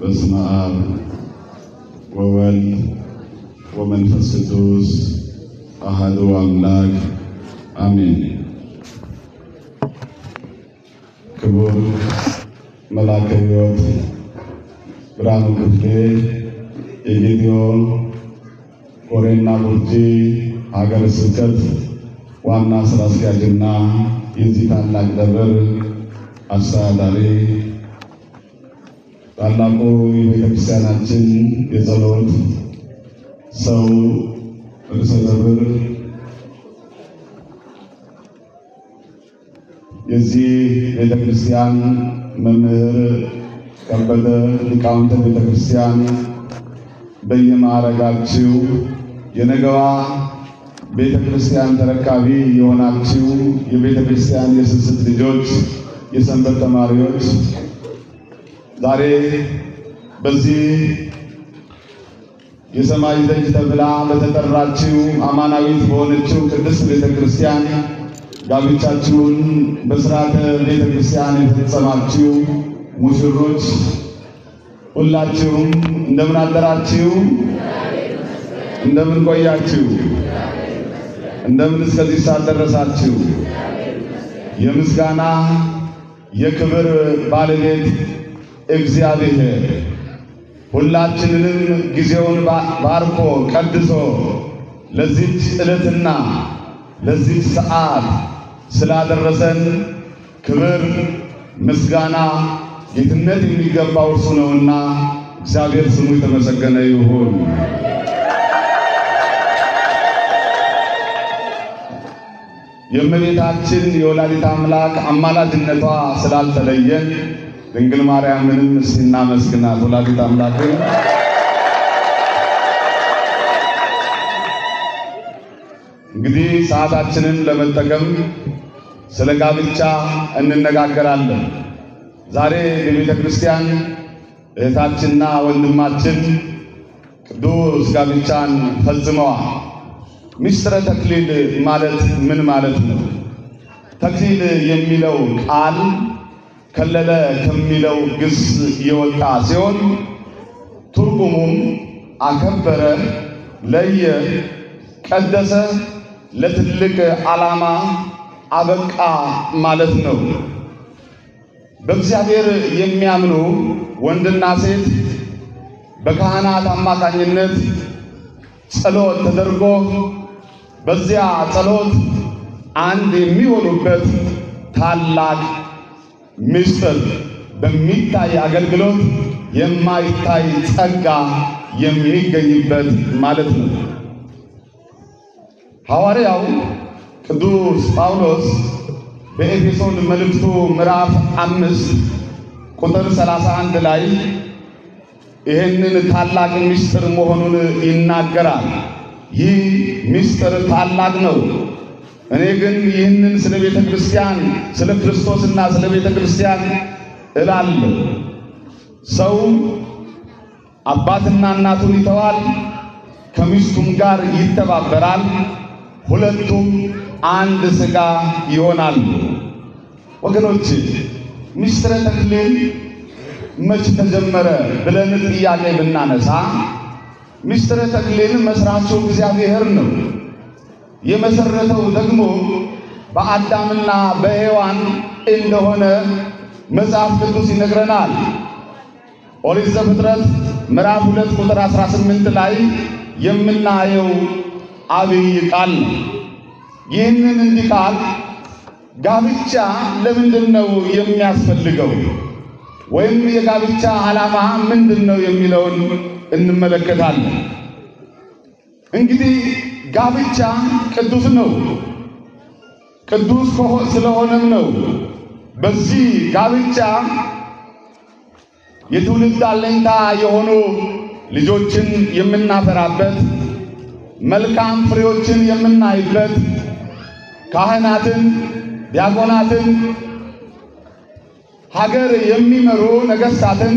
በስመ አብ ወወልድ ወመንፈስ ቅዱስ አሐዱ አምላክ አሜን። ክቡር መልአከ ሕይወት ብርሃኑ ክፍሌ የጌዲዮን ኮሬና ቡርጂ ሀገረ ስብከት ዋና ስራ አስኪያጅና የዚህ ታላቅ ደብር አስተዳዳሪ ታላቁ የቤተክርስቲያናችን የጸሎት ሰው ርዕሰ ደብር የዚህ ቤተክርስቲያን መምህር ከበደ ሊቃውንተ ቤተክርስቲያን በየማዕረጋችሁ የነገዋ ቤተክርስቲያን ተረካቢ የሆናችሁ የቤተክርስቲያን የስስት ልጆች፣ የሰንበት ተማሪዎች ዛሬ በዚህ የሰማይ ደጅ ተብላ በተጠራችው አማናዊት በሆነችው ቅድስት ቤተ ክርስቲያን ጋብቻችሁን በስርዓተ ቤተ ክርስቲያን የተፈጸማችሁ ሙሽሮች ሁላችሁም እንደምን አደራችሁ? እንደምን ቆያችሁ? እንደምን እስከዚህ ሰዓት ደረሳችሁ? የምስጋና የክብር ባለቤት እግዚአብሔር ሁላችንንም ጊዜውን ባርኮ ቀድሶ ለዚች ዕለትና ለዚች ሰዓት ስላደረሰን ክብር ምስጋና ጌትነት የሚገባው እርሱ ነውና እግዚአብሔር ስሙ የተመሰገነ ይሁን። የእመቤታችን የወላዲት አምላክ አማላጅነቷ ስላልተለየን ድንግል ማርያምንም ስናመስግናት ወላዲት አምላክ እንግዲህ ሰዓታችንን ለመጠቀም ስለ ጋብቻ እንነጋገራለን። ዛሬ የቤተ ክርስቲያን እህታችንና ወንድማችን ቅዱስ ጋብቻን ፈጽመዋል። ምስጢረ ተክሊል ማለት ምን ማለት ነው? ተክሊል የሚለው ቃል ከለለ ከሚለው ግስ የወጣ ሲሆን ትርጉሙም አከበረ፣ ለየ፣ ቀደሰ፣ ለትልቅ ዓላማ አበቃ ማለት ነው። በእግዚአብሔር የሚያምኑ ወንድና ሴት በካህናት አማካኝነት ጸሎት ተደርጎ በዚያ ጸሎት አንድ የሚሆኑበት ታላቅ ምስጢር በሚታይ አገልግሎት የማይታይ ጸጋ የሚገኝበት ማለት ነው። ሐዋርያው ቅዱስ ጳውሎስ በኤፌሶን መልእክቱ ምዕራፍ አምስት ቁጥር 31 ላይ ይህንን ታላቅ ምስጢር መሆኑን ይናገራል። ይህ ምስጢር ታላቅ ነው እኔ ግን ይህንን ስለ ቤተ ክርስቲያን ስለ ክርስቶስና ስለ ቤተ ክርስቲያን እላለሁ። ሰው አባትና እናቱን ይተዋል፣ ከሚስቱም ጋር ይተባበራል፣ ሁለቱም አንድ ሥጋ ይሆናሉ። ወገኖች ምስጢረ ተክሊል መች ተጀመረ ብለን ጥያቄ ብናነሳ ምስጢረ ተክሊል መስራቹ እግዚአብሔር ነው። የመሰረተው ደግሞ በአዳምና በሔዋን እንደሆነ መጽሐፍ ቅዱስ ይነግረናል። ኦሪት ዘፍጥረት ምዕራፍ 2 ቁጥር 18 ላይ የምናየው አብይ ቃል ይህንን እንዲህ ቃል ጋብቻ ለምንድን ነው የሚያስፈልገው ወይም የጋብቻ ዓላማ ምንድን ነው የሚለውን እንመለከታለን። እንግዲህ ጋብቻ ቅዱስ ነው። ቅዱስ ስለሆነም ነው በዚህ ጋብቻ የትውልድ አለኝታ የሆኑ ልጆችን የምናፈራበት፣ መልካም ፍሬዎችን የምናይበት፣ ካህናትን፣ ዲያቆናትን፣ ሀገር የሚመሩ ነገሥታትን፣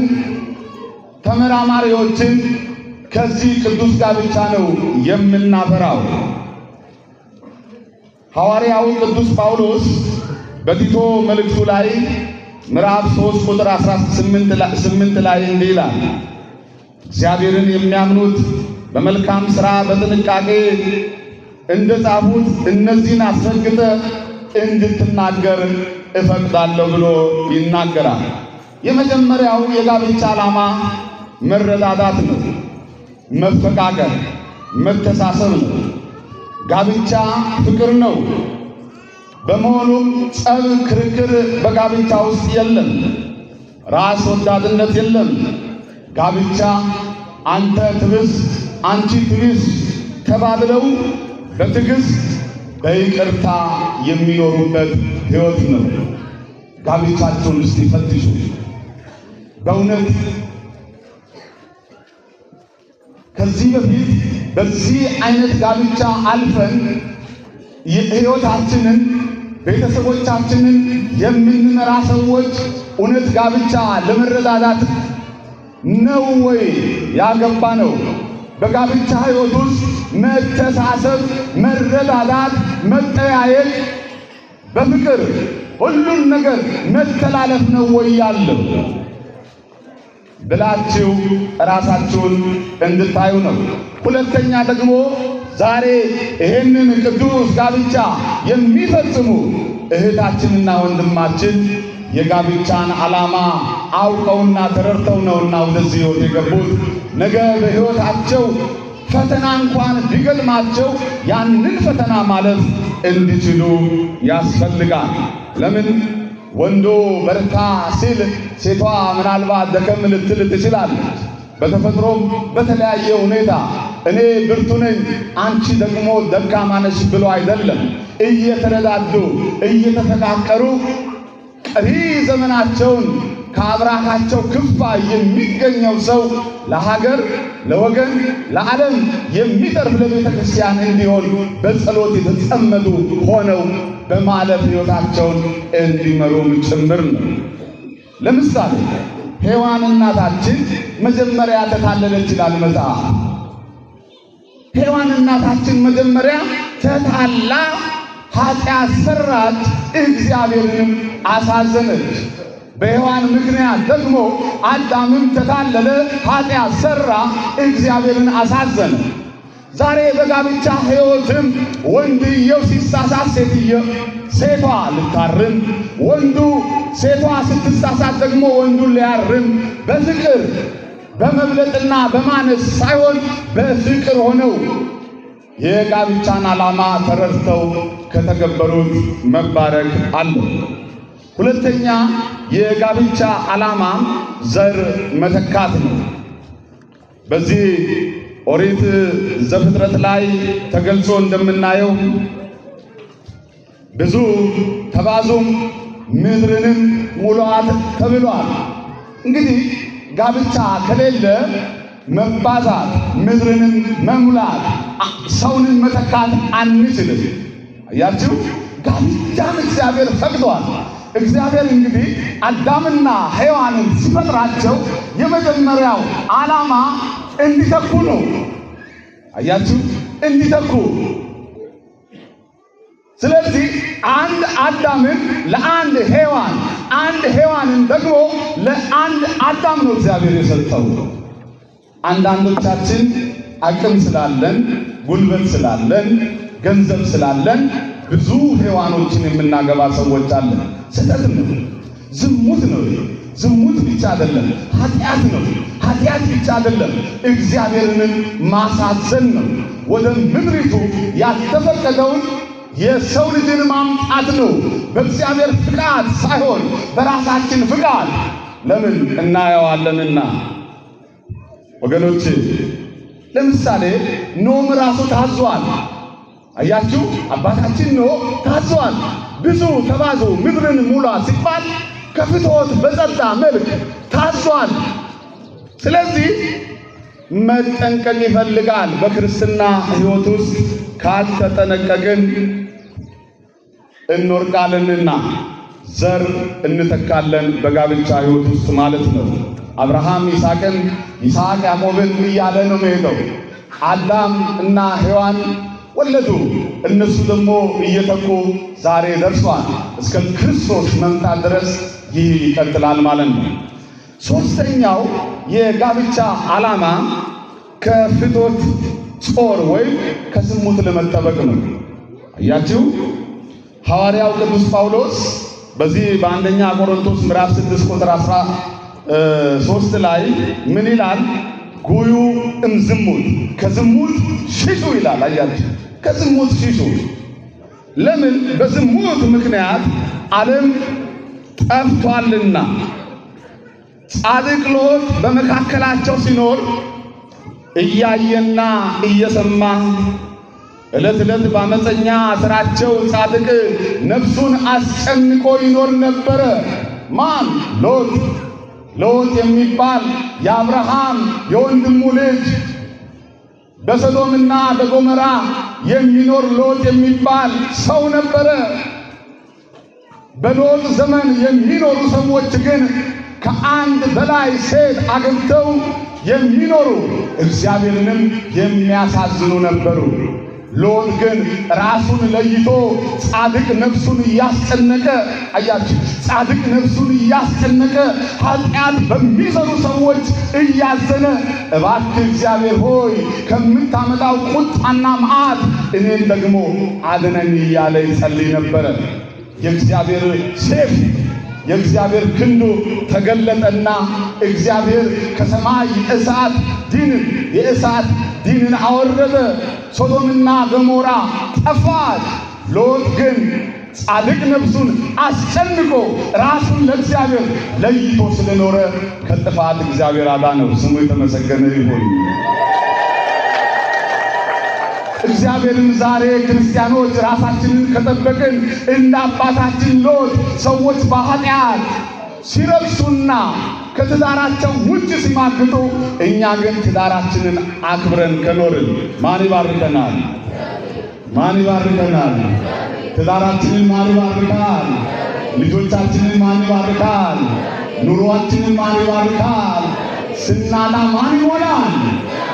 ተመራማሪዎችን ከዚህ ቅዱስ ጋብቻ ነው የምናፈራው። ሐዋርያው ቅዱስ ጳውሎስ በቲቶ መልእክቱ ላይ ምዕራፍ 3 ቁጥር 18 ላይ እንዲህ ይላል፣ እግዚአብሔርን የሚያምኑት በመልካም ሥራ በጥንቃቄ እንደ ጻፉት እነዚህን አስረግጠ እንድትናገር እፈቅዳለሁ ብሎ ይናገራል። የመጀመሪያው የጋብቻ ዓላማ መረዳዳት ነው። መፈቃቀር፣ መተሳሰብ ነው። ጋብቻ ፍቅር ነው። በመሆኑም ጸብ፣ ክርክር በጋብቻ ውስጥ የለም። ራስ ወዳድነት የለም። ጋብቻ አንተ ትብስ አንቺ ትብስ ተባብለው በትዕግስት በይቅርታ የሚኖሩበት ሕይወት ነው። ጋብቻቸውን እስቲ ፈትሹ። በእውነት ከዚህ በፊት በዚህ አይነት ጋብቻ አልፈን ህይወታችንን ቤተሰቦቻችንን የምንመራ ሰዎች እውነት ጋብቻ ለመረዳዳት ነው ወይ ያገባ ነው? በጋብቻ ህይወት ውስጥ መተሳሰብ፣ መረዳዳት፣ መጠያየቅ፣ በፍቅር ሁሉን ነገር መተላለፍ ነው ወይ ያለው? ብላችሁ ራሳችሁን እንድታዩ ነው። ሁለተኛ ደግሞ ዛሬ ይህንን ቅዱስ ጋብቻ የሚፈጽሙ እህታችንና ወንድማችን የጋብቻን ዓላማ አውቀውና ተረድተው ነውና ወደዚህ ሕይወት የገቡት። ነገ በሕይወታቸው ፈተና እንኳን ቢገልማቸው ያንን ፈተና ማለፍ እንዲችሉ ያስፈልጋል። ለምን ወንዱ በርታ ሲል ሴቷ ምናልባት ደከም ልትል ትችላለች። በተፈጥሮም በተለያየ ሁኔታ እኔ ብርቱ ነኝ፣ አንቺ ደግሞ ደካማ ነሽ ብሎ አይደለም። እየተረዳዱ እየተፈቃቀሩ ቀሪ ዘመናቸውን ከአብራካቸው ክፋ የሚገኘው ሰው ለሀገር፣ ለወገን፣ ለዓለም የሚጠርፍ ለቤተ ክርስቲያን እንዲሆን በጸሎት የተጸመዱ ሆነው በማለት ሕይወታቸውን እንዲመሩም ጭምር ነው። ለምሳሌ ሔዋን እናታችን መጀመሪያ ተታለለች ይላል መጽሐፍ። ሔዋን እናታችን መጀመሪያ ተታላ ኃጢአት ሰራች፣ እግዚአብሔርንም አሳዘነች። በሔዋን ምክንያት ደግሞ አዳምም ተታለለ፣ ኃጢአት ሠራ፣ እግዚአብሔርን አሳዘነ። ዛሬ በጋብቻ ሕይወትም ወንድየው ሲሳሳት ሴትየ ሴቷ ልታርም፣ ወንዱ ሴቷ ስትሳሳት ደግሞ ወንዱን ሊያርም በፍቅር በመብለጥና በማነስ ሳይሆን በፍቅር ሆነው የጋብቻን ዓላማ ተረድተው ከተገበሩት መባረክ አለ። ሁለተኛ የጋብቻ ዓላማ ዘር መተካት ነው። በዚህ ኦሪት ዘፍጥረት ላይ ተገልጾ እንደምናየው ብዙ ተባዙም ምድርንም ሙሏት ተብሏል። እንግዲህ ጋብቻ ከሌለ መባዛት፣ ምድርንም መሙላት፣ ሰውንን መተካት አንችልም። አያችሁ፣ ጋብቻን እግዚአብሔር ፈቅዷል። እግዚአብሔር እንግዲህ አዳምና ሔዋንን ሲፈጥራቸው የመጀመሪያው ዓላማ እንዲተኩ ነው። አያችሁ፣ እንዲተኩ። ስለዚህ አንድ አዳምን ለአንድ ሔዋን፣ አንድ ሔዋንን ደግሞ ለአንድ አዳም ነው እግዚአብሔር የሰጠው። አንዳንዶቻችን አቅም ስላለን፣ ጉልበት ስላለን፣ ገንዘብ ስላለን ብዙ ሔዋኖችን የምናገባ ሰዎች አለን። ስህተትም ነው፣ ዝሙት ነው። ዝሙት ብቻ አይደለም፣ ኃጢአት ነው። ኃጢአት ብቻ አይደለም፣ እግዚአብሔርን ማሳዘን ነው። ወደ ምድሪቱ ያልተፈቀደውን የሰው ልጅን ማምጣት ነው። በእግዚአብሔር ፍቃድ ሳይሆን በራሳችን ፍቃድ። ለምን እናየዋለንና ወገኖች። ለምሳሌ ኖም ራሱ ታዟል። አያችሁ፣ አባታችን ኖ ታዟል። ብዙ ተባዙ ምድርን ሙላ ሲባል ከፍትወት በጸጣ መልክ ታዟል። ስለዚህ መጠንቀቅ ይፈልጋል። በክርስትና ሕይወት ውስጥ ካልተጠነቀቅን እንወርቃለንና ዘር እንተካለን በጋብቻ ሕይወት ውስጥ ማለት ነው። አብርሃም ይስሐቅን፣ ይስሐቅ ያዕቆብን እያለ ነው የሚሄደው። አዳም እና ሔዋን ወለዱ። እነሱ ደግሞ እየተኩ ዛሬ ደርሷል። እስከ ክርስቶስ መምጣት ድረስ ይህ ይቀጥላል ማለት ነው። ሶስተኛው የጋብቻ ዓላማ ከፍቶት ጾር ወይም ከዝሙት ለመጠበቅ ነው። አያችሁ ሐዋርያው ቅዱስ ጳውሎስ በዚህ በአንደኛ ቆሮንቶስ ምዕራፍ 6 ቁጥር 13 ላይ ምን ይላል? ጉዩ እምዝሙት ከዝሙት ሽሹ ይላል። አያችሁ ከዝሙት ሽሹ። ለምን? በዝሙት ምክንያት ዓለም ጠፍቷልና። ጻድቅ ሎጥ በመካከላቸው ሲኖር እያየና እየሰማ ዕለት ዕለት ባመፀኛ ስራቸው ጻድቅ ነፍሱን አስጨንቆ ይኖር ነበረ። ማን? ሎጥ ሎጥ የሚባል የአብርሃም የወንድሙ ልጅ በሰዶምና በጎመራ የሚኖር ሎጥ የሚባል ሰው ነበረ። በሎጥ ዘመን የሚኖሩ ሰዎች ግን ከአንድ በላይ ሴት አግብተው የሚኖሩ እግዚአብሔርንም የሚያሳዝኑ ነበሩ። ሎን ግን ራሱን ለይቶ ጻድቅ ነፍሱን እያስጨነቀ አያችሁ፣ ጻድቅ ነፍሱን እያስጨነቀ ኃጢአት በሚሰሩ ሰዎች እያዘነ እባክህ እግዚአብሔር ሆይ ከምታመጣው ቁጣና መዓት እኔን ደግሞ አድነኝ እያለ ይጸልይ ነበረ። የእግዚአብሔር ሴፍ የእግዚአብሔር ክንዱ ተገለጠና እግዚአብሔር ከሰማይ እሳት ዲንን የእሳት ዲንን አወረደ። ሶዶምና ገሞራ ጠፋት። ሎጥ ግን ጻድቅ ነፍሱን አስጨንቆ ራሱን ለእግዚአብሔር ለይቶ ስለኖረ ከጥፋት እግዚአብሔር አዳነው። ስሙ የተመሰገነ ይሁን። እግዚአብሔርም ዛሬ ክርስቲያኖች ራሳችንን ከጠበቅን እንደ አባታችን ሎጥ ሰዎች በኃጢአት ሲረብሱና ከትዳራቸው ውጭ ሲማግጡ፣ እኛ ግን ትዳራችንን አክብረን ከኖርን ማን ይባርከናል? ማን ይባርከናል? ትዳራችንን ማን ይባርካል? ልጆቻችንን ማን ይባርካል? ኑሮአችንን ማን ይባርካል? ስናጣ ማን ይሞላል?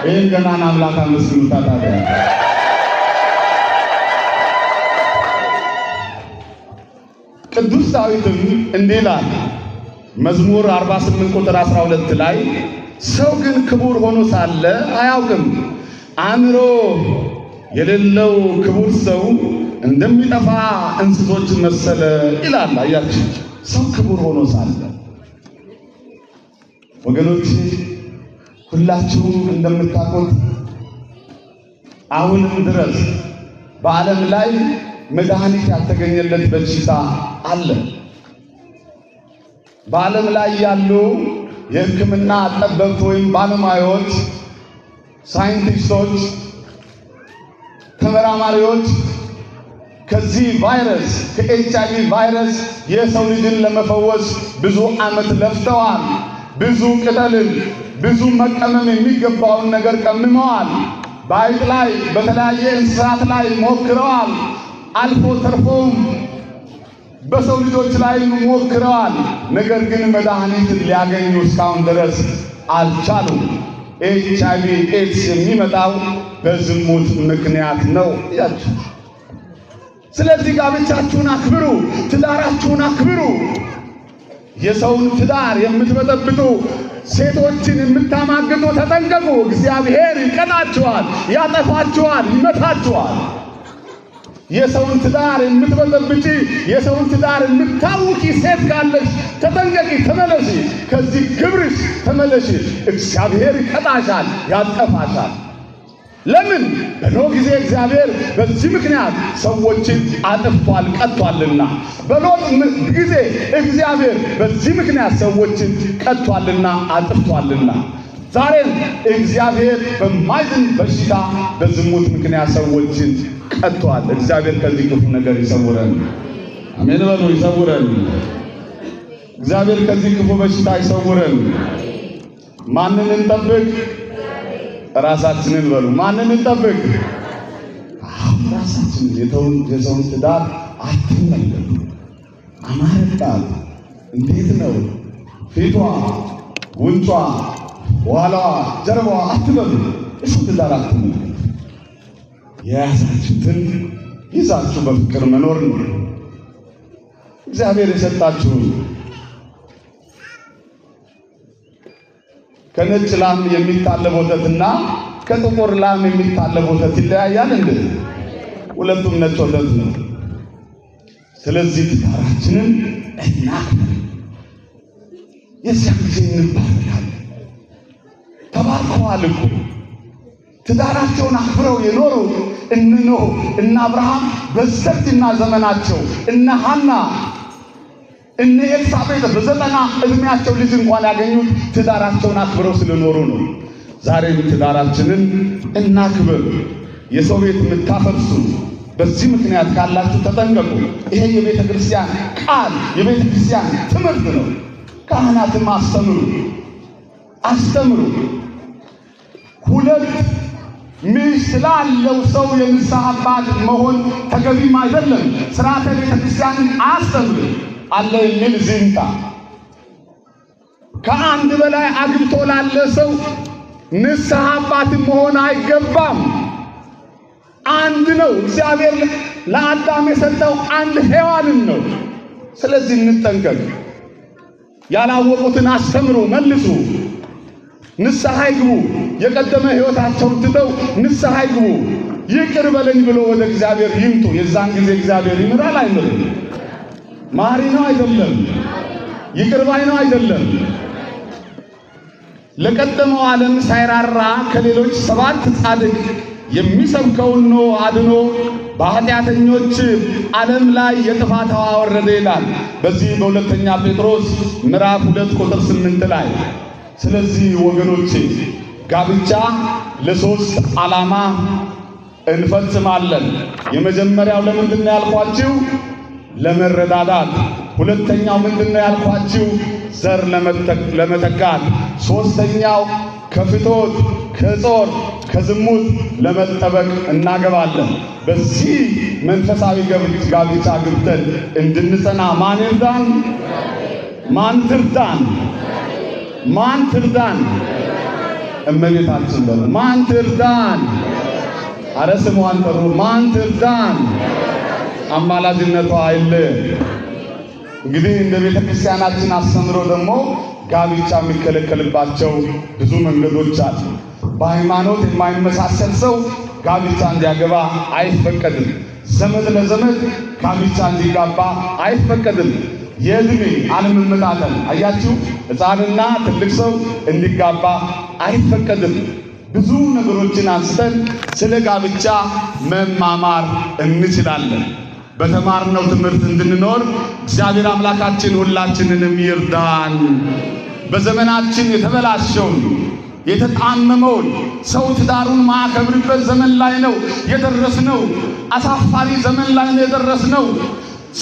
ይህን ገናና አምላክ አመስግኑታ። ታዲያ ቅዱስ ዳዊትም እንዲህ ይላል መዝሙር 48 ቁጥር 12 ላይ ሰው ግን ክቡር ሆኖ ሳለ አያውቅም፣ አእምሮ የሌለው ክቡር ሰው እንደሚጠፋ እንስሶች መሰለ ይላል። አያችሁ፣ ሰው ክቡር ሆኖ ሳለ ወገኖች፣ ሁላችሁ እንደምታውቁት አሁንም ድረስ በዓለም ላይ መድኃኒት ያልተገኘለት በሽታ አለ። በዓለም ላይ ያሉ የሕክምና ጠበብት ወይም ባለሙያዎች፣ ሳይንቲስቶች፣ ተመራማሪዎች ከዚህ ቫይረስ ከኤችአይቪ ቫይረስ የሰው ልጅን ለመፈወስ ብዙ ዓመት ለፍተዋል። ብዙ ቅጠልን ብዙ መቀመም የሚገባውን ነገር ቀምመዋል። በአይጥ ላይ በተለያየ እንስሳት ላይ ሞክረዋል። አልፎ ተርፎም በሰው ልጆች ላይ ሞክረዋል። ነገር ግን መድኃኒት ሊያገኙ እስካሁን ድረስ አልቻሉም። ኤች አይ ቪ ኤድስ የሚመጣው በዝሙት ምክንያት ነው ያችሁ። ስለዚህ ጋብቻችሁን አክብሩ፣ ትዳራችሁን አክብሩ። የሰውን ትዳር የምትበጠብጡ ሴቶችን የምታማግጡ ተጠንቀቁ። እግዚአብሔር ይቀጣችኋል፣ ያጠፋችኋል፣ ይመታችኋል። የሰውን ትዳር የምትበጠብጪ የሰውን ትዳር የምታውቂ ሴት ካለሽ ተጠንቀቂ፣ ተመለሺ፣ ከዚህ ግብርሽ ተመለሺ። እግዚአብሔር ይቀጣሻል፣ ያጠፋሻል። ለምን? በኖህ ጊዜ እግዚአብሔር በዚህ ምክንያት ሰዎችን አጥፍቷል ቀጥቷልና፣ በሎጥ ጊዜ እግዚአብሔር በዚህ ምክንያት ሰዎችን ቀጥቷልና አጥፍቷልና ዛሬ እግዚአብሔር በማይዝን በሽታ በዝሙት ምክንያት ሰዎችን ቀጥቷል። እግዚአብሔር ከዚህ ክፉ ነገር ይሰውረን። አሜን በሉ። ይሰውረን። እግዚአብሔር ከዚህ ክፉ በሽታ ይሰውረን። ማንን እንጠብቅ? ራሳችንን በሉ። ማንን እንጠብቅ? አሁን የተውን የሰውን ትዳር አትመለሉ። አማረጣል። እንዴት ነው ፊቷ ጉንጯ ኋላዋ ጀርባዋ አትበሉ፣ እሽት ዳር አትመሉ። የያዛችሁትን ይዛችሁ በፍቅር መኖር ነው። እግዚአብሔር የሰጣችሁን ከነጭ ላም የሚታለብ ወተትና ከጥቁር ላም የሚታለብ ወተት ይለያያል እንዴ? ሁለቱም ነጭ ወተት ነው። ስለዚህ ትዳራችንን እና የዚያን ጊዜ እንባል ተባርከዋል እኮ ትዳራቸውን አክብረው የኖሩ እነ ኖህ እነ አብርሃም በሰፊና ዘመናቸው እነ ሐና እነ ኤልሳቤጥ በዘጠና እድሜያቸው ልጅ እንኳን ያገኙት ትዳራቸውን አክብረው ስለኖሩ ነው። ዛሬም ትዳራችንን እናክብር። የሰው ቤት የምታፈርሱ በዚህ ምክንያት ካላችሁ ተጠንቀቁ። ይሄ የቤተ ክርስቲያን ቃል የቤተ ክርስቲያን ትምህርት ነው። ካህናትም አስተምሩ። አስተምሩ። ሁለት ሚስት ስላለው ሰው የንስሐ አባት መሆን ተገቢም አይደለም። ስርዓተ ቤተክርስቲያንን አስተምሩ አለ የሚል ዝንታ ከአንድ በላይ አግብቶ ላለ ሰው ንስሐ አባት መሆን አይገባም። አንድ ነው። እግዚአብሔር ለአዳም የሰጠው አንድ ሔዋንን ነው። ስለዚህ እንጠንቀቅ። ያላወቁትን አስተምሩ፣ መልሱ። ንስሐ ይግቡ። የቀደመ ሕይወታቸውን ትተው ንስሐ ይግቡ። ይቅር በለኝ ብሎ ወደ እግዚአብሔር ይምጡ። የዛን ጊዜ እግዚአብሔር ይምራል አይምርም? ማሪ ነው አይደለም? ይቅር ባይ ነው አይደለም? ለቀደመው ዓለም ሳይራራ ከሌሎች ሰባት ጻድቅ የሚሰብከውን ነው አድኖ በኃጢአተኞች ዓለም ላይ የጥፋት ውሃ ወረደ ይላል። በዚህ በሁለተኛ ጴጥሮስ ምዕራፍ ሁለት ቁጥር ስምንት ላይ ስለዚህ ወገኖቼ ጋብቻ ለሶስት ዓላማ እንፈጽማለን። የመጀመሪያው ለምንድን ነው ያልኳችሁ? ለመረዳዳት። ሁለተኛው ምንድን ነው ያልኳችሁ? ዘር ለመተካት። ሶስተኛው ከፍቶት ከጾር ከዝሙት ለመጠበቅ እናገባለን። በዚህ መንፈሳዊ ጋብቻ ግብተን እንድንጸና ማን ይርዳን? ማን ትርዳን? ማን ትርዳን? እመቤታችን በሉ። ማን ትርዳን? አረ ስሟን ማን ትርዳን? አማላጅነቷ አይል። እንግዲህ እንደ ቤተ ክርስቲያናችን አስተምሮ ደግሞ ጋብቻ የሚከለከልባቸው ብዙ መንገዶች አሉ። በሃይማኖት የማይመሳሰል ሰው ጋብቻ እንዲያገባ አይፈቀድም። ዘመድ ለዘመድ ጋብቻ እንዲጋባ አይፈቀድም። የዕድሜ አለመመጣጠን አያችሁ፣ ሕፃንና ትልቅ ሰው እንዲጋባ አይፈቀድም። ብዙ ነገሮችን አንስተን ስለ ጋብቻ መማማር እንችላለን። በተማርነው ትምህርት እንድንኖር እግዚአብሔር አምላካችን ሁላችንንም ይርዳን። በዘመናችን የተበላሸውን የተጣመመውን ሰው ትዳሩን ማከብርበት ዘመን ላይ ነው የደረስነው። አሳፋሪ ዘመን ላይ ነው የደረስነው።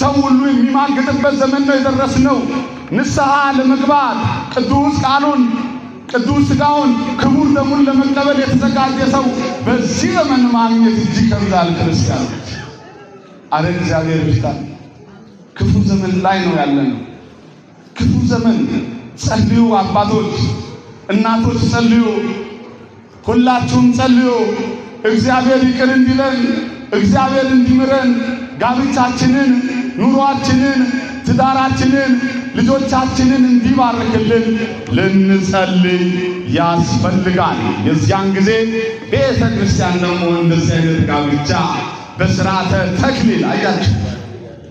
ሰው ሁሉ የሚማግጥበት ዘመን ነው የደረስነው። ንስሐ ለመግባት ቅዱስ ቃሉን ቅዱስ ሥጋውን ክቡር ደሙን ለመቀበል የተዘጋጀ ሰው በዚህ ዘመን ማግኘት እጅግ ይከብዳል። ክርስቲያኖች አረ እግዚአብሔር ይፍታል። ክፉ ዘመን ላይ ነው ያለነው። ክፉ ዘመን ጸልዩ፣ አባቶች እናቶች ጸልዩ፣ ሁላችሁም ጸልዩ። እግዚአብሔር ይቅር እንዲለን፣ እግዚአብሔር እንዲምረን ጋብቻችንን፣ ኑሯችንን፣ ትዳራችንን፣ ልጆቻችንን እንዲባርክልን ልንጸልይ ያስፈልጋል። የዚያን ጊዜ ቤተ ክርስቲያን ደግሞ እንደዚህ አይነት ጋብቻ በስርዓተ ተክሊል አያችሁ፣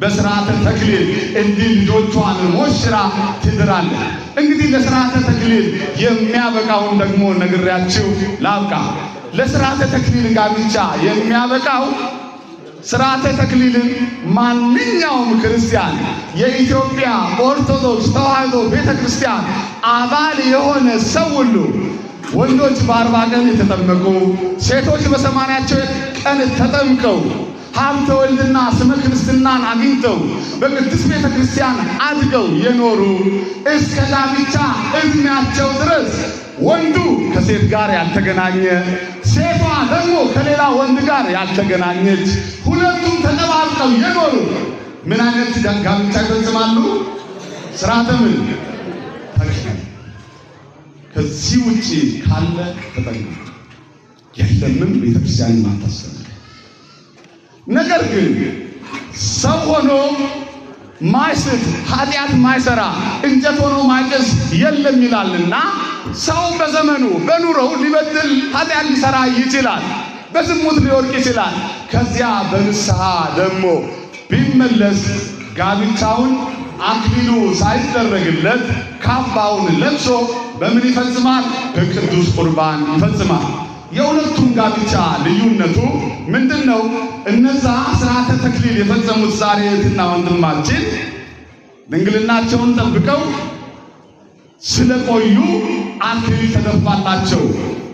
በስርዓተ ተክሊል እንዲህ ልጆቿን ሞሽራ ትድራለች። እንግዲህ ለስርዓተ ተክሊል የሚያበቃውን ደግሞ ነግሬያችሁ ላብቃ። ለስርዓተ ተክሊል ጋብቻ የሚያበቃው ስርዓተ ተክሊልን ማንኛውም ክርስቲያን የኢትዮጵያ ኦርቶዶክስ ተዋህዶ ቤተ ክርስቲያን አባል የሆነ ሰው ሁሉ ወንዶች በአርባ ቀን የተጠመቁ ሴቶች በሰማንያቸው ቀን ተጠምቀው ሀብተ ወልድና ስመ ክርስትናን አግኝተው በቅድስት ቤተ ክርስቲያን አድገው የኖሩ እስከ ዳብቻ እድሜያቸው ድረስ ወንዱ ከሴት ጋር ያልተገናኘ ሴት ደግሞ ከሌላ ወንድ ጋር ያልተገናኘች ሁለቱም ተጠባብቀው የኖሩ ምን አይነት ጋብቻ ይፈጽማሉ? ስርዓተ ከዚህ ውጪ ካለ ተጠቅሙ የለምም ቤተክርስቲያን ማታሰብ። ነገር ግን ሰው ሆኖ ማይስት ኃጢአት ማይሰራ እንጨት ሆኖ ማይቀስ የለም ይላልና ሰው በዘመኑ በኑሮው ሊበድል ኃጢአት ሊሰራ ይችላል። በዝሙት ሊወርቅ ይችላል። ከዚያ በንስሐ ደግሞ ቢመለስ ጋብቻውን አክሊሉ ሳይደረግለት ካባውን ለብሶ በምን ይፈጽማል? በቅዱስ ቁርባን ይፈጽማል። የሁለቱም ጋብቻ ልዩነቱ ምንድን ነው? እነዛ ስርዓተ ተክሊል የፈጸሙት ዛሬ እህትና ወንድማችን ድንግልናቸውን ጠብቀው ስለቆዩ አንቴኒ ተደፋላቸው።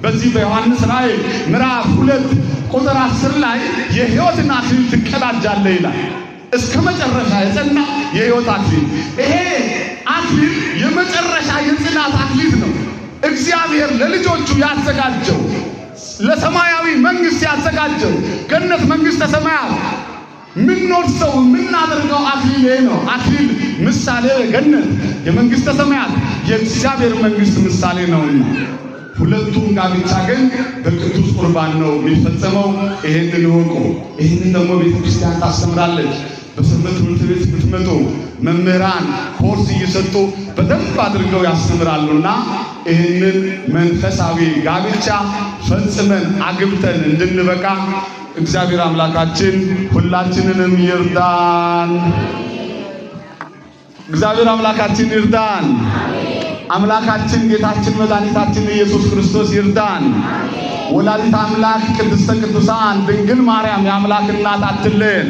በዚህ በዮሐንስ ራእይ ምዕራፍ ሁለት ቁጥር አስር ላይ የህይወትና አክሊል ትቀዳጃለህ ይላል። እስከ መጨረሻ የጸና የህይወት አክሊል። ይሄ አክሊል የመጨረሻ የጽናት አክሊል ነው። እግዚአብሔር ለልጆቹ ያዘጋጀው ለሰማያዊ መንግስት ያዘጋጀው ገነት መንግስት ሰማያት ምንወርሰው ምናደርገው አክሊል ነው። አክሊል ምሳሌ ገነት የመንግስተ ሰማያት የእግዚአብሔር መንግስት ምሳሌ ነውና ሁለቱም ጋብቻ ግን በቅዱስ ቁርባን ነው የሚፈጸመው። ይሄንን እወቁ። ይሄንን ደግሞ ቤተክርስቲያን ታስተምራለች። በሰንበት ትምህርት ቤት ብትመጡ መምህራን ኮርስ እየሰጡ በደንብ አድርገው ያስተምራሉና ይህንን መንፈሳዊ ጋብቻ ፈጽመን አግብተን እንድንበቃ እግዚአብሔር አምላካችን ሁላችንንም ይርዳን። እግዚአብሔር አምላካችን ይርዳን። አምላካችን ጌታችን መድኃኒታችን ኢየሱስ ክርስቶስ ይርዳን። ወላዲት አምላክ ቅድስተ ቅዱሳን ድንግል ማርያም የአምላክ እናት አትልን።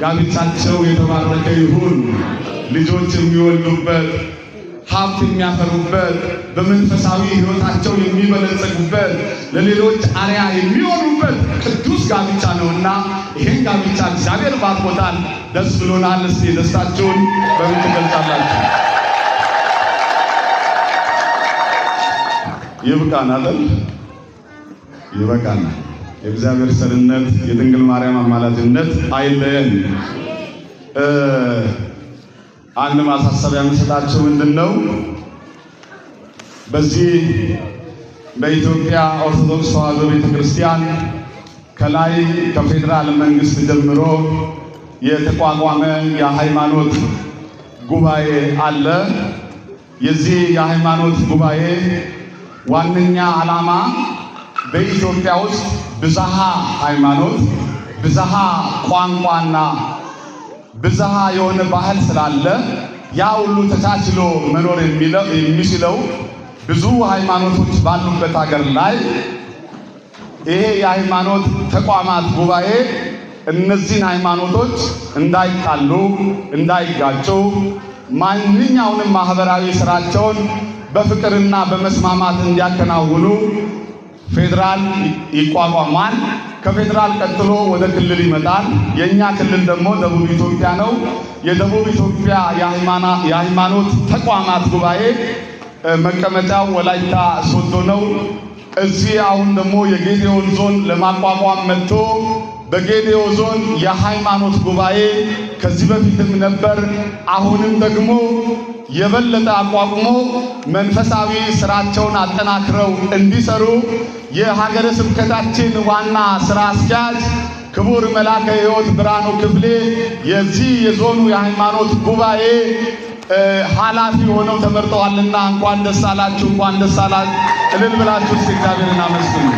ጋብቻቸው የተባረከ ይሁን። ልጆች የሚወልዱበት ሀብት የሚያፈሩበት በመንፈሳዊ ሕይወታቸው የሚበለጸጉበት ለሌሎች አርያ የሚሆኑበት ጋብቻ ነውና ይህን ጋብቻ እግዚአብሔር ባርኮታል። ደስ ብሎናል። እስቲ ደስታችሁን በምን ትገልጻላችሁ? ይብቃን አይደል? ይበቃናል። የእግዚአብሔር ሰርነት የድንግል ማርያም አማላጅነት አይለየን። አንድ ማሳሰቢያ የምሰጣችሁ ምንድን ነው? በዚህ በኢትዮጵያ ኦርቶዶክስ ተዋሕዶ ቤተክርስቲያን ከላይ ከፌዴራል መንግስት ጀምሮ የተቋቋመ የሃይማኖት ጉባኤ አለ። የዚህ የሃይማኖት ጉባኤ ዋነኛ ዓላማ በኢትዮጵያ ውስጥ ብዝሃ ሃይማኖት፣ ብዝሃ ቋንቋና ብዝሃ የሆነ ባህል ስላለ ያ ሁሉ ተቻችሎ መኖር የሚችለው ብዙ ሃይማኖቶች ባሉበት ሀገር ላይ ይሄ የሃይማኖት ተቋማት ጉባኤ እነዚህን ሃይማኖቶች እንዳይጣሉ፣ እንዳይጋጩ ማንኛውንም ማህበራዊ ስራቸውን በፍቅርና በመስማማት እንዲያከናውኑ ፌዴራል ይቋቋማል። ከፌዴራል ቀጥሎ ወደ ክልል ይመጣል። የእኛ ክልል ደግሞ ደቡብ ኢትዮጵያ ነው። የደቡብ ኢትዮጵያ የሃይማኖት ተቋማት ጉባኤ መቀመጫው ወላይታ ሶዶ ነው። እዚህ አሁን ደግሞ የጌዴዎን ዞን ለማቋቋም መጥቶ በጌዴዎ ዞን የሃይማኖት ጉባኤ ከዚህ በፊትም ነበር። አሁንም ደግሞ የበለጠ አቋቁሞ መንፈሳዊ ስራቸውን አጠናክረው እንዲሰሩ የሀገረ ስብከታችን ዋና ስራ አስኪያጅ ክቡር መላከ ሕይወት ብርሃኑ ክፍሌ የዚህ የዞኑ የሃይማኖት ጉባኤ ኃላፊ ሆነው ተመርጠዋልና እንኳን ደስ አላችሁ፣ እንኳን ደስ አላችሁ። እልል ብላችሁ እስቲ እግዚአብሔርን አመስግኑ።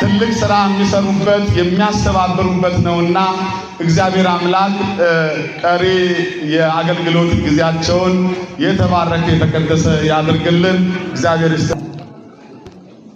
ትልቅ ስራ የሚሰሩበት የሚያስተባብሩበት ነውና እግዚአብሔር አምላክ ቀሪ የአገልግሎት ጊዜያቸውን የተባረከ የተቀደሰ ያድርግልን። እግዚአብሔር